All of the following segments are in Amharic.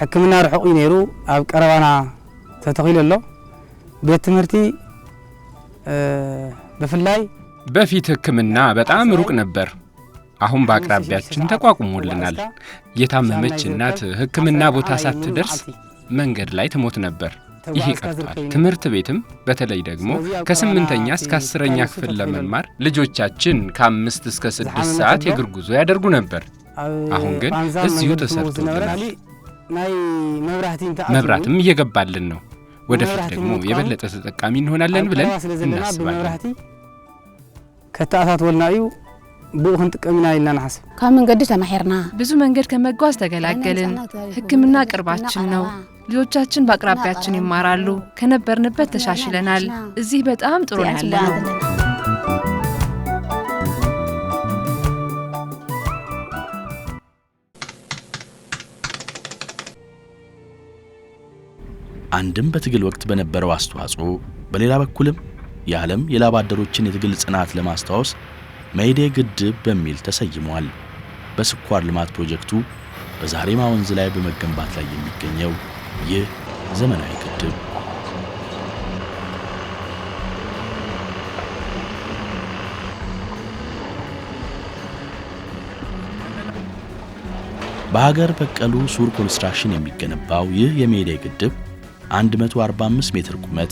ሕክምና ርሑቕ እዩ ነይሩ ኣብ ቀረባና ተተኺሉ ኣሎ ቤት ትምህርቲ ብፍላይ በፊት ሕክምና በጣም ሩቅ ነበር። አሁን በአቅራቢያችን ተቋቁሞልናል። የታመመች እናት ሕክምና ቦታ ሳትደርስ መንገድ ላይ ትሞት ነበር። ይህ ቀርቷል። ትምህርት ቤትም በተለይ ደግሞ ከስምንተኛ እስከ አስረኛ ክፍል ለመማር ልጆቻችን ከአምስት እስከ ስድስት ሰዓት የእግር ጉዞ ያደርጉ ነበር። አሁን ግን እዚሁ ተሰርቶልናል። ናይ መብራህቲ መብራትም እየገባልን ነው። ወደፊት ደግሞ የበለጠ ተጠቃሚ እንሆናለን ብለን እናስባለን። ከተኣታት እዩ ብኡ ክንጥቀም ኢና ኢልና ንሓስብ ካብ መንገዲ ተማሒርና ብዙ መንገድ ከመጓዝ ተገላገልን። ሕክምና ቅርባችን ነው። ልጆቻችን በአቅራቢያችን ይማራሉ። ከነበርንበት ተሻሽለናል። እዚህ በጣም ጥሩ ያለ ነው አንድም በትግል ወቅት በነበረው አስተዋጽኦ፣ በሌላ በኩልም የዓለም የላብ አደሮችን የትግል ጽናት ለማስታወስ መይዴ ግድብ በሚል ተሰይሟል። በስኳር ልማት ፕሮጀክቱ በዛሬማ ወንዝ ላይ በመገንባት ላይ የሚገኘው ይህ ዘመናዊ ግድብ በሀገር በቀሉ ሱር ኮንስትራክሽን የሚገነባው ይህ የሜዴ ግድብ 145 ሜትር ቁመት፣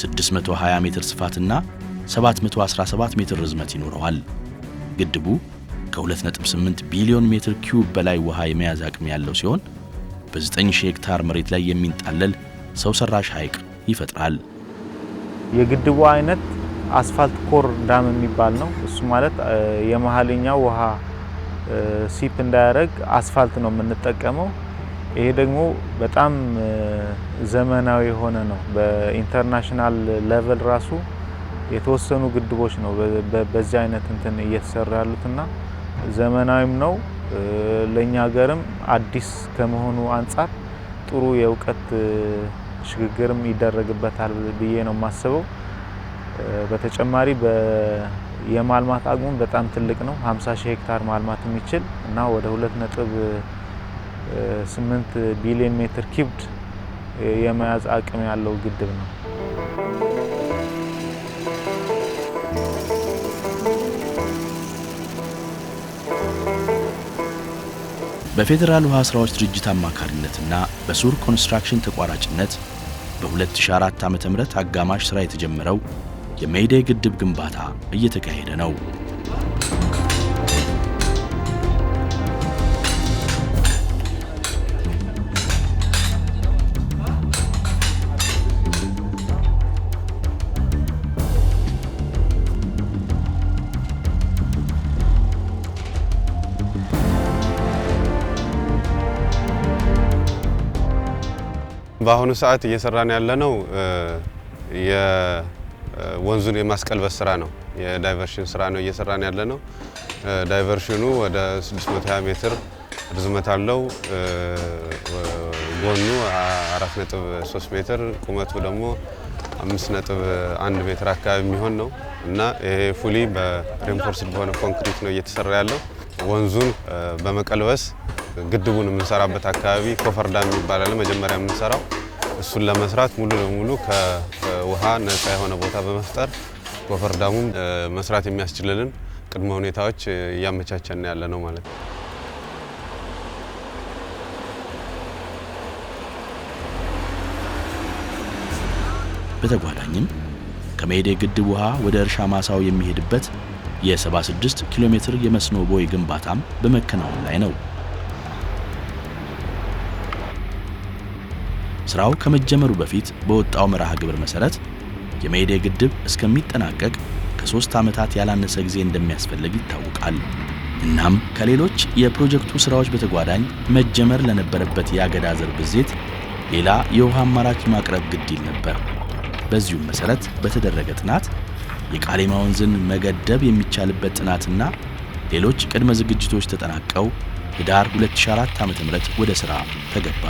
620 ሜትር ስፋትና 717 ሜትር ርዝመት ይኖረዋል። ግድቡ ከ2.8 ቢሊዮን ሜትር ኪዩብ በላይ ውሃ የመያዝ አቅም ያለው ሲሆን በ9000 ሄክታር መሬት ላይ የሚንጣለል ሰው ሰራሽ ሐይቅ ይፈጥራል። የግድቡ አይነት አስፋልት ኮር ዳም የሚባል ነው። እሱ ማለት የመሀልኛው ውሃ ሲፕ እንዳያደረግ አስፋልት ነው የምንጠቀመው። ይሄ ደግሞ በጣም ዘመናዊ የሆነ ነው። በኢንተርናሽናል ሌቨል ራሱ የተወሰኑ ግድቦች ነው በዚህ አይነት እንትን እየተሰራ ያሉትና ዘመናዊም ነው ለእኛ ሀገርም አዲስ ከመሆኑ አንጻር ጥሩ የእውቀት ሽግግርም ይደረግበታል ብዬ ነው የማስበው። በተጨማሪ የማልማት አቅሙም በጣም ትልቅ ነው። 50 ሺህ ሄክታር ማልማት የሚችል እና ወደ ሁለት ነጥብ ስምንት ቢሊዮን ሜትር ኪብድ የመያዝ አቅም ያለው ግድብ ነው። በፌዴራል ውሃ ስራዎች ድርጅት አማካሪነትና በሱር ኮንስትራክሽን ተቋራጭነት በ2004 ዓ.ም አጋማሽ ሥራ የተጀመረው የሜይዴ ግድብ ግንባታ እየተካሄደ ነው። በአሁኑ ሰዓት እየሰራን ያለ ነው የወንዙን የማስቀልበስ ስራ ነው። የዳይቨርሽን ስራ ነው እየሰራን ነው። ዳይቨርሽኑ ወደ 620 ሜትር ርዝመት አለው። ጎኑ 4.3 ሜትር ቁመቱ ደግሞ 5.1 ሜትር አካባቢ የሚሆን ነው እና ይሄ ፉሊ በሬንፎርስድ በሆነ ኮንክሪት ነው እየተሰራ ያለው። ወንዙን በመቀልበስ ግድቡን የምንሰራበት አካባቢ ኮፈርዳ ዳም ይባላል። መጀመሪያ የምንሰራው እሱን ለመስራት ሙሉ ለሙሉ ከውሃ ነፃ የሆነ ቦታ በመፍጠር ጎፈር ዳሙን መስራት የሚያስችልልን ቅድመ ሁኔታዎች እያመቻቸን ያለ ነው ማለት ነው። በተጓዳኝም ከመሄድ የግድብ ውሃ ወደ እርሻ ማሳው የሚሄድበት የ76 ኪሎ ሜትር የመስኖ ቦይ ግንባታም በመከናወን ላይ ነው። ስራው ከመጀመሩ በፊት በወጣው መርሃ ግብር መሰረት የመይዴ ግድብ እስከሚጠናቀቅ ከሶስት ዓመታት ያላነሰ ጊዜ እንደሚያስፈልግ ይታወቃል። እናም ከሌሎች የፕሮጀክቱ ስራዎች በተጓዳኝ መጀመር ለነበረበት የአገዳ ዘር ብዜት ሌላ የውሃ አማራጭ ማቅረብ ግድ ይል ነበር። በዚሁም መሰረት በተደረገ ጥናት የቃሌማ ወንዝን መገደብ የሚቻልበት ጥናትና ሌሎች ቅድመ ዝግጅቶች ተጠናቀው ህዳር 2004 ዓ.ም ወደ ሥራ ተገባ።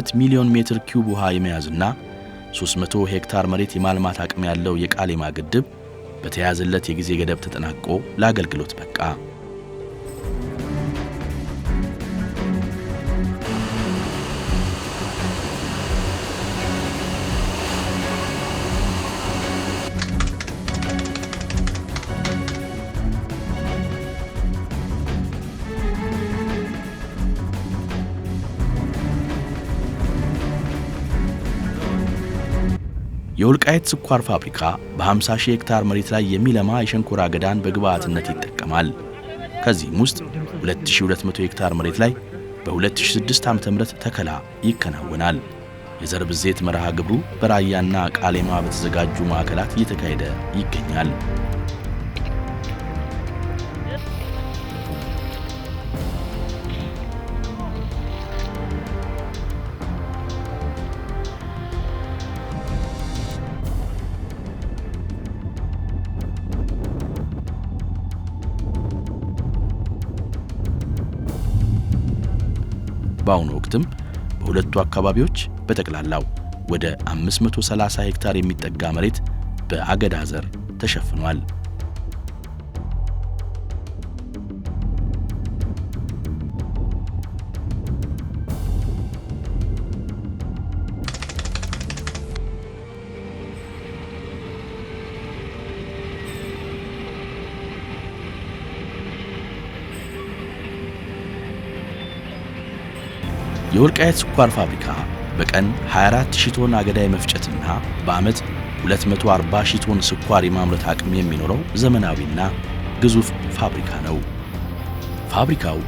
2 ሚሊዮን ሜትር ኪዩብ ውሃ የመያዝና 300 ሄክታር መሬት የማልማት አቅም ያለው የቃሊማ ግድብ በተያዘለት የጊዜ ገደብ ተጠናቆ ለአገልግሎት በቃ። የወልቃይት ስኳር ፋብሪካ በ50 ሺህ ሄክታር መሬት ላይ የሚለማ የሸንኮራ አገዳን በግብዓትነት ይጠቀማል። ከዚህም ውስጥ 2200 ሄክታር መሬት ላይ በ2006 ዓ.ም ተከላ ይከናወናል። የዘር ብዜት መርሃ ግብሩ በራያና ቃሌማ በተዘጋጁ ማዕከላት እየተካሄደ ይገኛል። በአሁኑ ወቅትም በሁለቱ አካባቢዎች በጠቅላላው ወደ 530 ሄክታር የሚጠጋ መሬት በአገዳ ዘር ተሸፍኗል። የወልቃየት ስኳር ፋብሪካ በቀን ሺህ ቶን አገዳ የመፍጨትና በዓመት ሺህ ቶን ስኳር የማምረት አቅም የሚኖረው ዘመናዊና ግዙፍ ፋብሪካ ነው። ፋብሪካው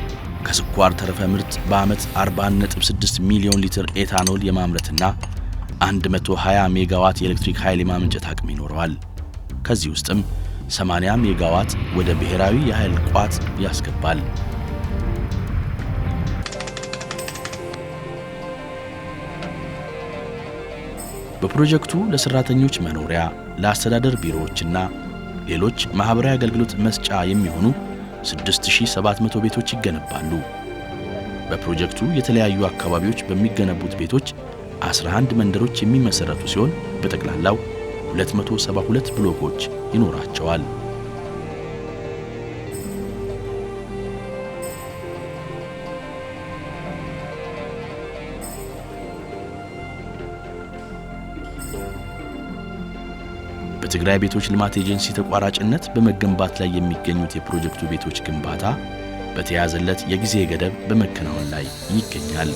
ከስኳር ተረፈ ምርት በዓመት 46 ሚሊዮን ሊትር ኤታኖል የማምረትና 120 ሜጋዋት የኤሌክትሪክ ኃይል የማመንጨት አቅም ይኖረዋል። ከዚህ ውስጥም 80 ሜጋዋት ወደ ብሔራዊ የኃይል ቋት ያስገባል። በፕሮጀክቱ ለሰራተኞች መኖሪያ፣ ለአስተዳደር ቢሮዎችና ሌሎች ማኅበራዊ አገልግሎት መስጫ የሚሆኑ 6700 ቤቶች ይገነባሉ። በፕሮጀክቱ የተለያዩ አካባቢዎች በሚገነቡት ቤቶች 11 መንደሮች የሚመሰረቱ ሲሆን በጠቅላላው 272 ብሎኮች ይኖራቸዋል። በትግራይ ቤቶች ልማት ኤጀንሲ ተቋራጭነት በመገንባት ላይ የሚገኙት የፕሮጀክቱ ቤቶች ግንባታ በተያዘለት የጊዜ ገደብ በመከናወን ላይ ይገኛል።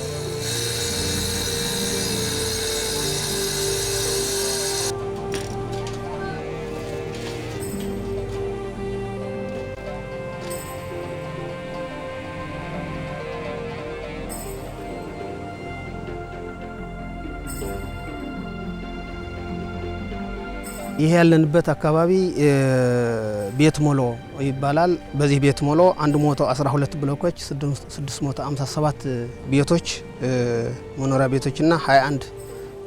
ይሄ ያለንበት አካባቢ ቤት ሞሎ ይባላል። በዚህ ቤት ሞሎ 112 ብሎኮች 657 ቤቶች መኖሪያ ቤቶችና 21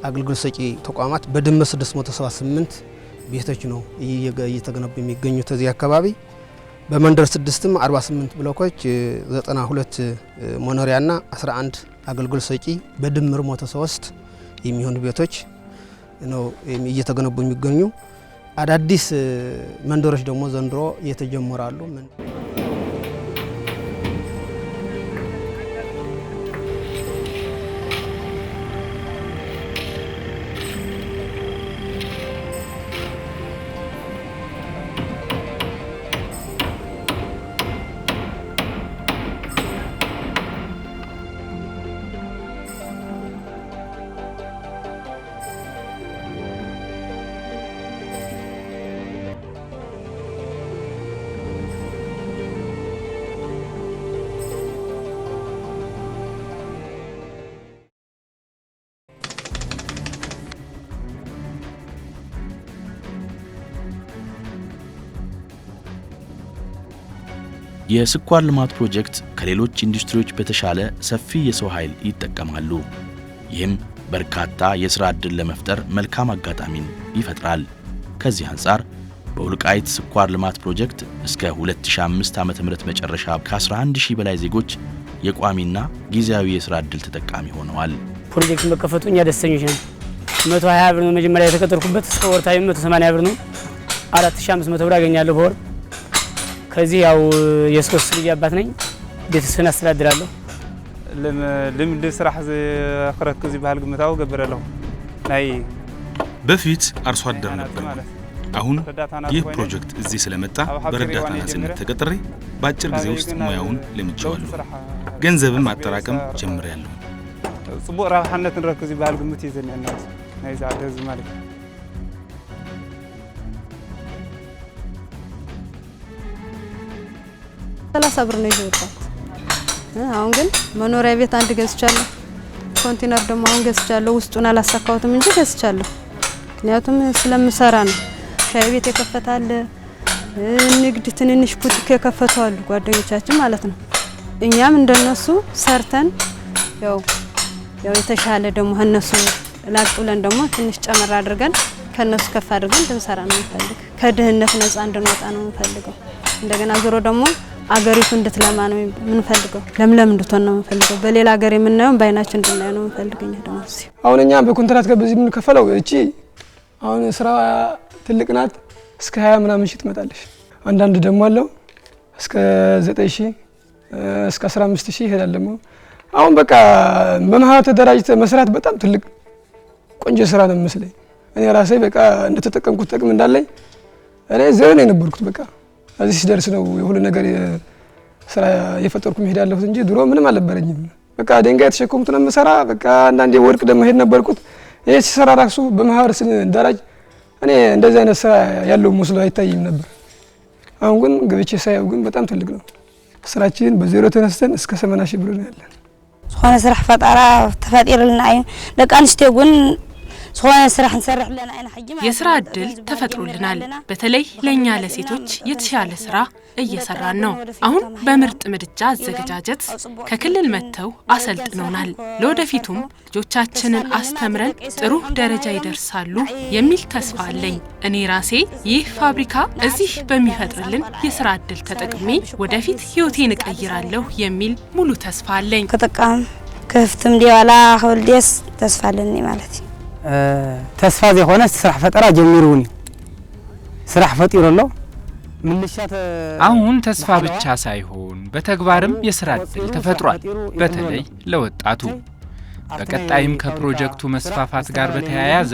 አገልግሎት ሰጪ ተቋማት በድምር 678 ቤቶች ነው እየተገነቡ የሚገኙት እዚህ አካባቢ። በመንደር ስድስትም 48 ብሎኮች 92 መኖሪያና 11 አገልግሎት ሰጪ በድምር ሞተ ሶስት የሚሆኑ ቤቶች ነው እየተገነቡ የሚገኙ አዳዲስ መንደሮች ደግሞ ዘንድሮ እየተጀመራሉ። የስኳር ልማት ፕሮጀክት ከሌሎች ኢንዱስትሪዎች በተሻለ ሰፊ የሰው ኃይል ይጠቀማሉ። ይህም በርካታ የሥራ ዕድል ለመፍጠር መልካም አጋጣሚን ይፈጥራል። ከዚህ አንጻር በውልቃይት ስኳር ልማት ፕሮጀክት እስከ 2005 ዓ.ም መጨረሻ ከ11000 በላይ ዜጎች የቋሚና ጊዜያዊ የሥራ ዕድል ተጠቃሚ ሆነዋል። ፕሮጀክት መከፈቱ እኛ ደስተኞች ነን። 120 ብር ነው መጀመሪያ የተቀጠርኩበት፣ እስከ ወርታዊ 180 ብር ነው። 4500 ብር አገኛለሁ በወር ከዚህ ያው የሶስት ልጅ አባት ነኝ። ቤተሰብን አስተዳድራለሁ። ልምዲ ስራሕ ክረክብ ዝበሃል ግምታዊ ገብረለሁ ናይ በፊት አርሶ አደር ነበር። አሁን ይህ ፕሮጀክት እዚህ ስለመጣ በረዳት አናጺነት ተቀጥሬ በአጭር ጊዜ ውስጥ ሙያውን ለምጄዋለሁ። ገንዘብም አጠራቀም ጀምሬያለሁ። ጽቡቅ ረብሓነት ንረክብ ዝበሃል ግምት እዩ ዘኒአና ናይዚ ዓዲ ማለት እዩ ሰላሳ ብር ነው ይዞ አሁን ግን መኖሪያ ቤት አንድ ገዝቻለሁ። ኮንቲነር ደግሞ አሁን ገዝቻለሁ። ውስጡን አላሳካሁትም እንጂ ገዝቻለሁ። ምክንያቱም ስለምሰራ ነው። ሻይ ቤት የከፈታል፣ ንግድ ትንንሽ ቡቲክ የከፈቱ አሉ ጓደኞቻችን ማለት ነው። እኛም እንደነሱ ሰርተን ያው ያው የተሻለ ደግሞ እነሱ ላቅ ብለን ደግሞ ትንሽ ጨመር አድርገን ከነሱ ከፍ አድርገን እንድንሰራ ነው የምንፈልግ። ከድህነት ነፃ እንድንወጣ ነው የምንፈልገው። እንደገና ዞሮ ደግሞ አገሪቱ እንድትለማ ነው የምንፈልገው። ለምለም እንድትሆን ነው የምንፈልገው። በሌላ ሀገር የምናየውን በአይናችን እንድናየ ነው የምንፈልገኝ። ደሞ አሁን እኛ በኮንትራት ከበዚህ የምንከፈለው እቺ አሁን ስራ ትልቅ ናት። እስከ ሀያ ምናምን ሺህ ትመጣለች። አንዳንድ ደግሞ አለው እስከ ዘጠኝ ሺህ እስከ አስራ አምስት ሺህ ይሄዳል። ደግሞ አሁን በቃ በመሀል ተደራጅተ መስራት በጣም ትልቅ ቆንጆ ስራ ነው የሚመስለኝ። እኔ ራሴ በቃ እንደተጠቀምኩት ጥቅም እንዳለኝ እኔ ዘርን የነበርኩት በቃ እዚህ ሲደርስ ነው የሁሉ ነገር ስራ የፈጠርኩ መሄድ ያለሁት እንጂ ድሮ ምንም አልነበረኝም። በቃ ድንጋይ የተሸከሙት ነው የምሰራ። በቃ አንዳንዴ ወድቅ ደግሞ ሄድ ነበርኩት። ይህ ሲሰራ ራሱ በማህበር ስንደራጅ እኔ እንደዚህ አይነት ስራ ያለው መስሎ አይታይም ነበር። አሁን ግን ገብቼ ሳየው ግን በጣም ትልቅ ነው። ስራችን በዜሮ ተነስተን እስከ ሰመና ሺህ ብር ነው ያለን። ዝኾነ ስራሕ ፈጠራ ተፈጢሩልና እዩ ደቂ ኣንስትዮ የስራ እድል ተፈጥሮልናል። በተለይ ለእኛ ለሴቶች የተሻለ ስራ እየሰራን ነው። አሁን በምርጥ ምድጃ አዘገጃጀት ከክልል መጥተው አሰልጥነውናል። ለወደፊቱም ልጆቻችንን አስተምረን ጥሩ ደረጃ ይደርሳሉ የሚል ተስፋ አለኝ። እኔ ራሴ ይህ ፋብሪካ እዚህ በሚፈጥርልን የስራ እድል ተጠቅሜ ወደፊት ህይወቴን እቀይራለሁ የሚል ሙሉ ተስፋ አለኝ። ከጠቃም ክፍትም ዲዋላ ሁልዴስ ተስፋ አለን ማለት ተስፋ ዘይኮነ ስራሕ ፈጠራ ጀሚሩ እውን እዩ ስራሕ ፈጢሩ ኣሎ አሁን ተስፋ ብቻ ሳይሆን በተግባርም የስራ ዕድል ተፈጥሯል። በተለይ ለወጣቱ። በቀጣይም ከፕሮጀክቱ መስፋፋት ጋር በተያያዘ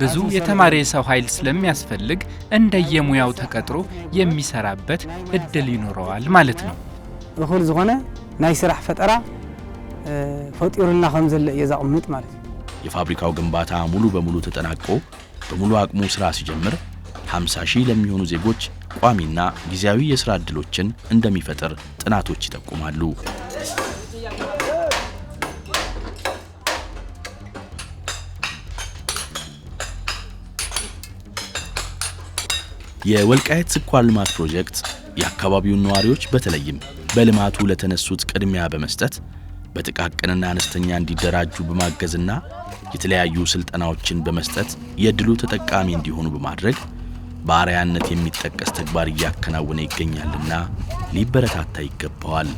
ብዙ የተማሪ የሰው ኃይል ስለሚያስፈልግ እንደየሙያው ተቀጥሮ የሚሰራበት እድል ይኖረዋል ማለት ነው። እኩል ዝኾነ ናይ ስራሕ ፈጠራ ፈጢሩና ከም ዘሎ እየ ዘቕምጥ ማለት እዩ። የፋብሪካው ግንባታ ሙሉ በሙሉ ተጠናቆ በሙሉ አቅሙ ሥራ ሲጀምር 50 ሺህ ለሚሆኑ ዜጎች ቋሚና ጊዜያዊ የሥራ ዕድሎችን እንደሚፈጥር ጥናቶች ይጠቁማሉ። የወልቃየት ስኳር ልማት ፕሮጀክት የአካባቢውን ነዋሪዎች በተለይም በልማቱ ለተነሱት ቅድሚያ በመስጠት በጥቃቅንና አነስተኛ እንዲደራጁ በማገዝና የተለያዩ ስልጠናዎችን በመስጠት የድሉ ተጠቃሚ እንዲሆኑ በማድረግ በአርአያነት የሚጠቀስ ተግባር እያከናወነ ይገኛልና ሊበረታታ ይገባዋል።